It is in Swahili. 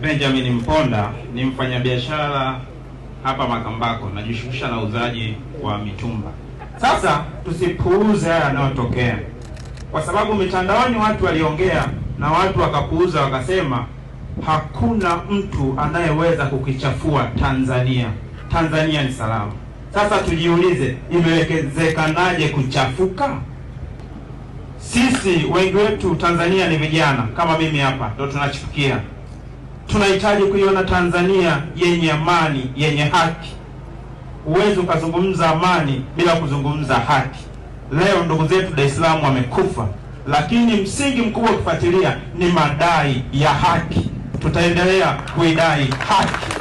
Benjamin Mponda ni mfanyabiashara hapa Makambako, najishughulisha na uzaji wa mitumba. Sasa tusipuuze haya yanayotokea, kwa sababu mitandaoni watu waliongea na watu wakapuuza, wakasema hakuna mtu anayeweza kukichafua Tanzania. Tanzania ni salama. Sasa tujiulize, imewekezekanaje kuchafuka? Sisi wengi wetu Tanzania ni vijana kama mimi hapa, ndio tunachifikia. Tunahitaji kuiona Tanzania yenye amani, yenye haki. Huwezi ukazungumza amani bila kuzungumza haki. Leo ndugu zetu Dar es Salaam wamekufa, lakini msingi mkubwa ukifuatilia ni madai ya haki. Tutaendelea kuidai haki.